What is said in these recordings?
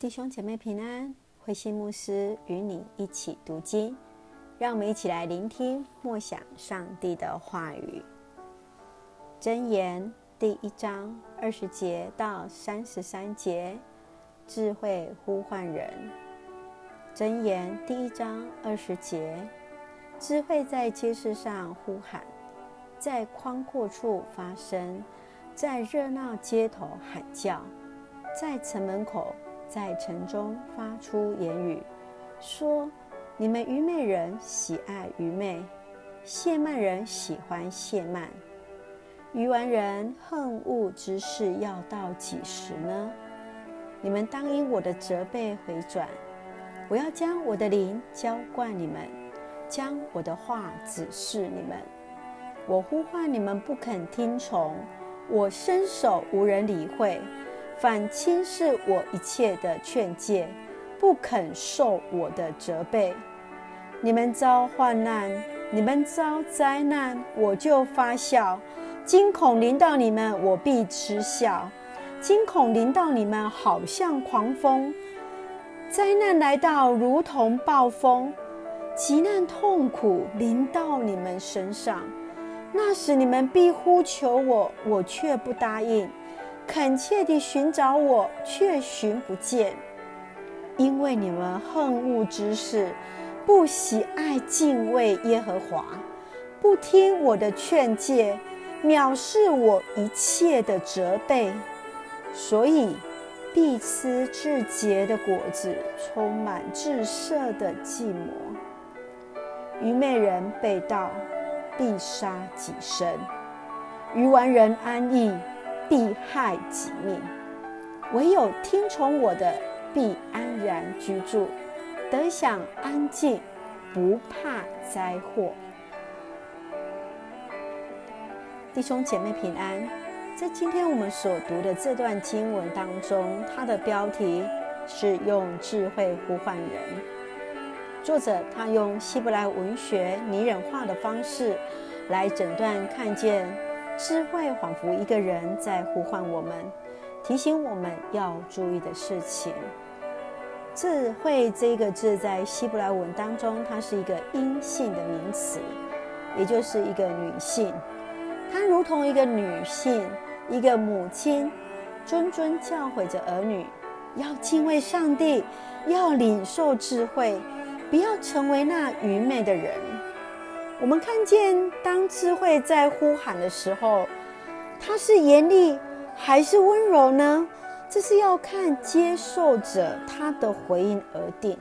弟兄姐妹平安，慧馨牧師與你一起讀經，讓我們一起來聆聽默想上帝的話語。箴言第一章二十節到三十三節，智慧呼喚人。箴言第一章二十節，智慧在街市上呼喊，在寬闊處發聲，在熱鬧街頭喊叫，在城門口。在城中發出言語，說：“你們愚昧人喜愛愚昧，褻慢人喜歡褻慢，愚頑人恨惡知識，要到幾時呢？你們當因我的責備回轉，我要將我的靈澆灌你們，將我的話指示你們。我呼喚，你們不肯聽從，我伸手，無人理會。”反輕視我一切的勸戒，不肯受我的責備。你們遭患難，你們遭災難，我就發笑；驚恐臨到你們，我必嗤笑。驚恐臨到你們，好像狂風；災難來到，如同暴風。急難痛苦臨到你們身上，那時你們必呼求我，我卻不答應。懇切地尋找我，卻尋不見。因為你們恨惡知識，不喜愛敬畏耶和華，不聽我的勸戒，藐視我一切的責備，所以必吃自結的果子，充滿自設的計謀。愚昧人背道，必殺己身；愚頑人安逸，必害己命。唯有聽從我的，必安然居住，得享安靜，不怕災禍。弟兄姐妹平安。在今天我們所讀的這段經文當中，它的標題是用智慧呼喚人。作者他用希伯來文學擬人化的方式來診斷、看見。智慧仿佛一個人在呼喚我們，提醒我們要注意的事情。智慧這一個字在希伯來文當中，它是一個陰性的名詞，也就是一個女性。她如同一個女性，一個母親，諄諄教誨着兒女，要敬畏上帝，要領受智慧，不要成為那愚昧的人。我們看見，當智慧在呼喊的時候，他是嚴厲還是溫柔呢？這是要看接受者他的回應而定。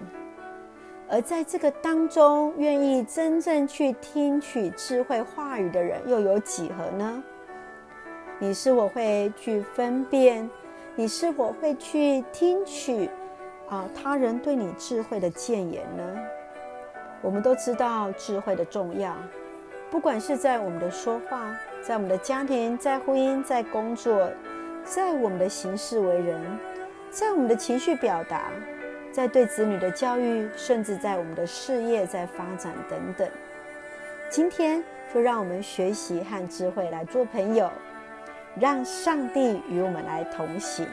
而在這個當中，願意真正去聽取智慧話語的人又有幾何呢？你是否會去分辨？你是否會去聽取啊他人對你智慧的建言呢？我們都知道智慧的重要，不管是在我們的說話，在我們的家庭，在婚姻，在工作，在我們的行事為人，在我們的情緒表達，在對子女的教育，甚至在我們的事業在發展等等。今天就讓我們學習和智慧來做朋友，讓上帝與我們來同行。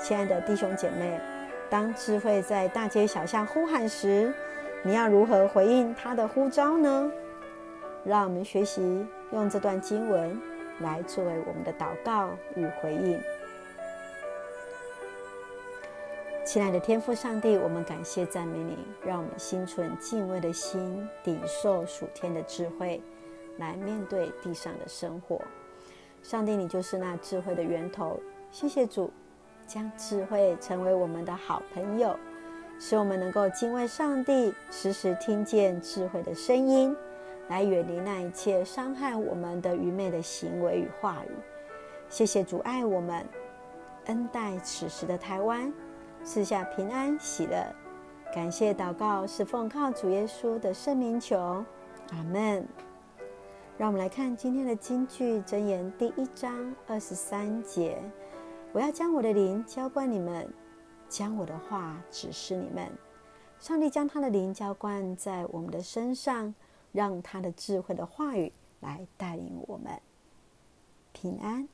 親愛的弟兄姐妹，當智慧在大街小巷呼喊時，你要如何回應他的呼召呢？讓我們學習用這段經文來作為我們的禱告與回應。親愛的天父上帝，我們感謝讚美你，讓我們心存敬畏的心，領受屬天的智慧，來面對地上的生活。上帝，你就是那智慧的源頭。謝謝主，將智慧成為我們的好朋友。使我們能夠敬畏上帝，時時聽見智慧的聲音，來遠離那一切傷害我們的愚昧的行為與話語。謝謝主愛我們，恩待此時的台灣，賜下平安喜樂。感謝禱告是奉靠主耶穌的聖名求，阿門。讓我們來看今天的金句箴言第一章二十三節：我要將我的靈澆灌你們。將我的話指示你們。上帝將他的靈澆灌在我們的身上，讓他的智慧的話語來帶領我們，平安。